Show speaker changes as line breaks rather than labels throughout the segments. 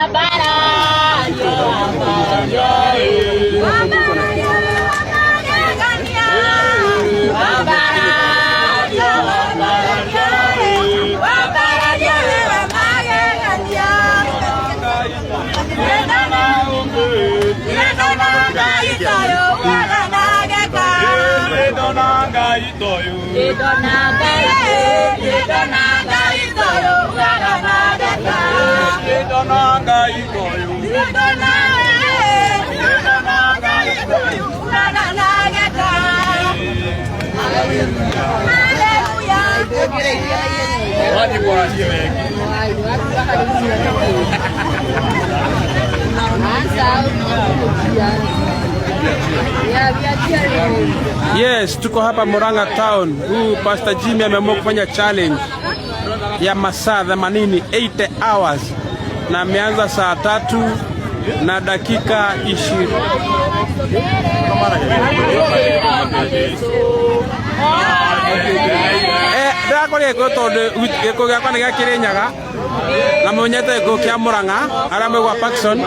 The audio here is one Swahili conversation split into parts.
Bàbára yọ àbáyọ rẹ̀. Bàbára yọ àbáyọ rẹ̀. Bàbára yọ àbáyọ rẹ̀. Bàbára yọ àbáyọ rẹ̀. Yẹ́nà máa ń gbé. Yẹ́nà máa ń gbé ìtọ̀yọ̀ wọ́n rà máa gẹ́gbà. Yẹ́nà máa ń gbé ìtọ̀yọ̀. Yẹ́nà máa ń gbé ìtọ̀yọ̀ wọ́n rà máa gẹ́gbà. Yes, tuko hapa Murang'a town. Huu Pastor Jimmy ameamua kufanya challenge ya masaa 80, 80 hours na ameanza saa tatu na dakika ishirini
eh, ndirakore gikuyu tondu gikuyu giakwa ni gia kirinyaga na munyete gikuyu kia muranga aria maigua pakson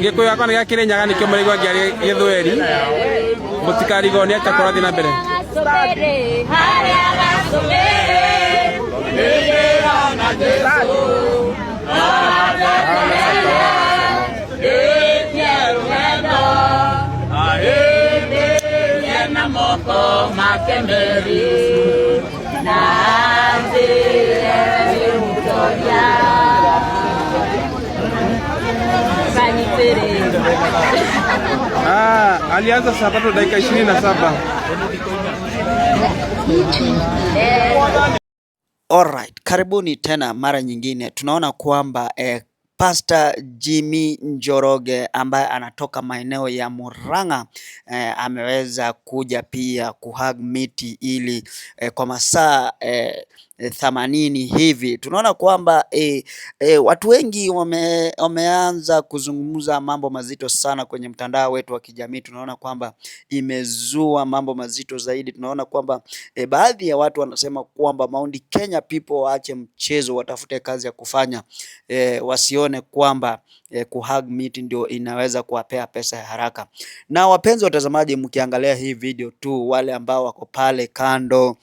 gikuyu giakwa ni gia kirinyaga nikio marigua ngiari githweri mutikarigwo ni atia kurathi na mbere
Ah, alianza saa tatu dakika ishirini na saba.
Alright, karibuni tena mara nyingine. Tunaona kwamba eh, Pasta Jimmy Njoroge ambaye anatoka maeneo ya Murang'a eh, ameweza kuja pia kuhug miti ili eh, kwa masaa eh, Eh, themanini hivi tunaona kwamba e, e, watu wengi wame, wameanza kuzungumza mambo mazito sana kwenye mtandao wetu wa kijamii. Tunaona kwamba imezua mambo mazito zaidi. Tunaona kwamba e, baadhi ya watu wanasema kwamba Mount Kenya people waache mchezo, watafute kazi ya kufanya e, wasione kwamba e, kuhug miti ndio inaweza kuwapea pesa ya haraka. Na wapenzi watazamaji, mkiangalia hii video tu, wale ambao wako pale kando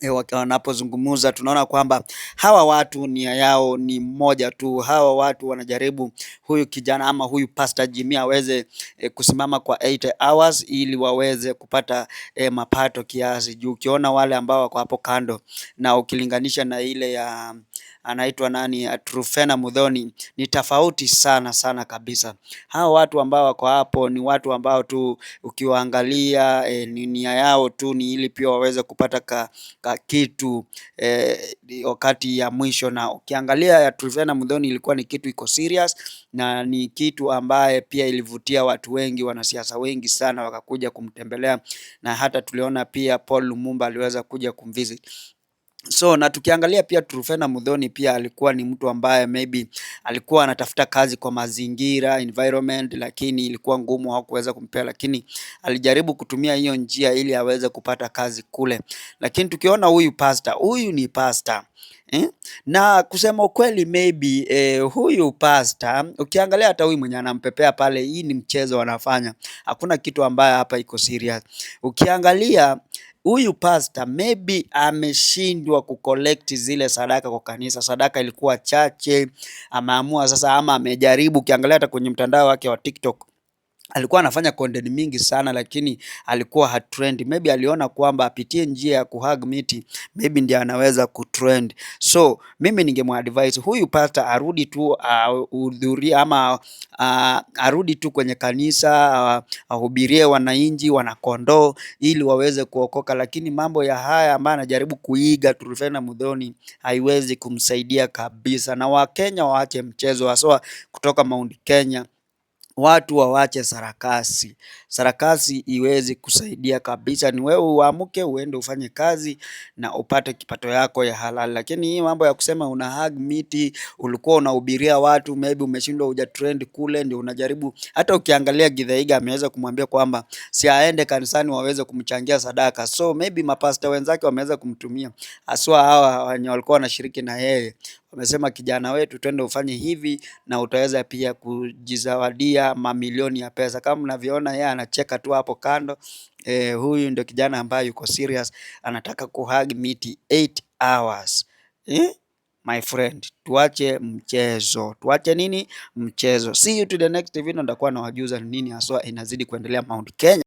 Eh, wanapozungumza tunaona kwamba hawa watu nia yao ni mmoja tu. Hawa watu wanajaribu huyu kijana ama huyu Pastor Jimmy aweze e, kusimama kwa 8 hours ili waweze kupata e, mapato kiasi juu. Ukiona wale ambao wako hapo kando na ukilinganisha na ile ya anaitwa nani, uh, Trufena Mudhoni, ni tofauti sana sana kabisa. Hao watu ambao wako hapo ni watu ambao tu ukiwaangalia e, ni nia yao tu ni ili pia waweze kupata ka, ka kitu e, wakati ya mwisho, na ukiangalia ya Trufena Mudhoni ilikuwa ni kitu iko serious na ni kitu ambaye pia ilivutia watu wengi, wanasiasa wengi sana wakakuja kumtembelea, na hata tuliona pia Paul Lumumba aliweza kuja kumvisit. So na tukiangalia pia Truphena Muthoni pia alikuwa ni mtu ambaye maybe alikuwa anatafuta kazi kwa mazingira environment, lakini ilikuwa ngumu, hawakuweza kumpea, lakini alijaribu kutumia hiyo njia ili aweze kupata kazi kule. Lakini tukiona huyu pastor, huyu ni pastor eh? Na kusema ukweli maybe eh, huyu pastor ukiangalia hata huyu mwenye anampepea pale, hii ni mchezo wanafanya, hakuna kitu ambaye hapa iko serious ukiangalia huyu pasta maybe ameshindwa kukolekt zile sadaka kwa kanisa, sadaka ilikuwa chache, ameamua sasa, ama amejaribu. Ukiangalia hata kwenye mtandao wake wa TikTok alikuwa anafanya content mingi sana lakini alikuwa hatrend. Maybe aliona kwamba apitie njia ya kuhug miti, maybe ndiye anaweza kutrend. So mimi ningemwadvise huyu pasta arudi tu uh, ama uh, arudi tu kwenye kanisa uh, ahubirie uh, wananchi wanakondoo ili waweze kuokoka, lakini mambo ya haya ambayo anajaribu kuiga Trufena Muthoni haiwezi kumsaidia kabisa, na Wakenya waache mchezo, wasoa kutoka Mount Kenya Watu wawache sarakasi. Sarakasi iwezi kusaidia kabisa, ni wewe uamke uende ufanye kazi na upate kipato yako ya halali. Lakini hii mambo ya kusema una hug miti, ulikuwa unahubiria watu, maybe umeshindwa uja trend kule, ndio unajaribu. Hata ukiangalia Githaiga ameweza kumwambia kwamba si aende kanisani waweze kumchangia sadaka, so maybe mapasta wenzake wameweza kumtumia, aswa, hawa wenye walikuwa wanashiriki na yeye, wamesema kijana wetu, twende ufanye hivi na utaweza pia kujizawadia ya mamilioni ya pesa. Kama mnavyoona yeye anacheka tu hapo kando. Eh, huyu ndio kijana ambaye yuko serious anataka kuhug miti 8 hours. Eh? My friend, tuache mchezo, tuache nini mchezo. See you to the next video, ndakuwa na wajuza nini haswa inazidi kuendelea Mount Kenya.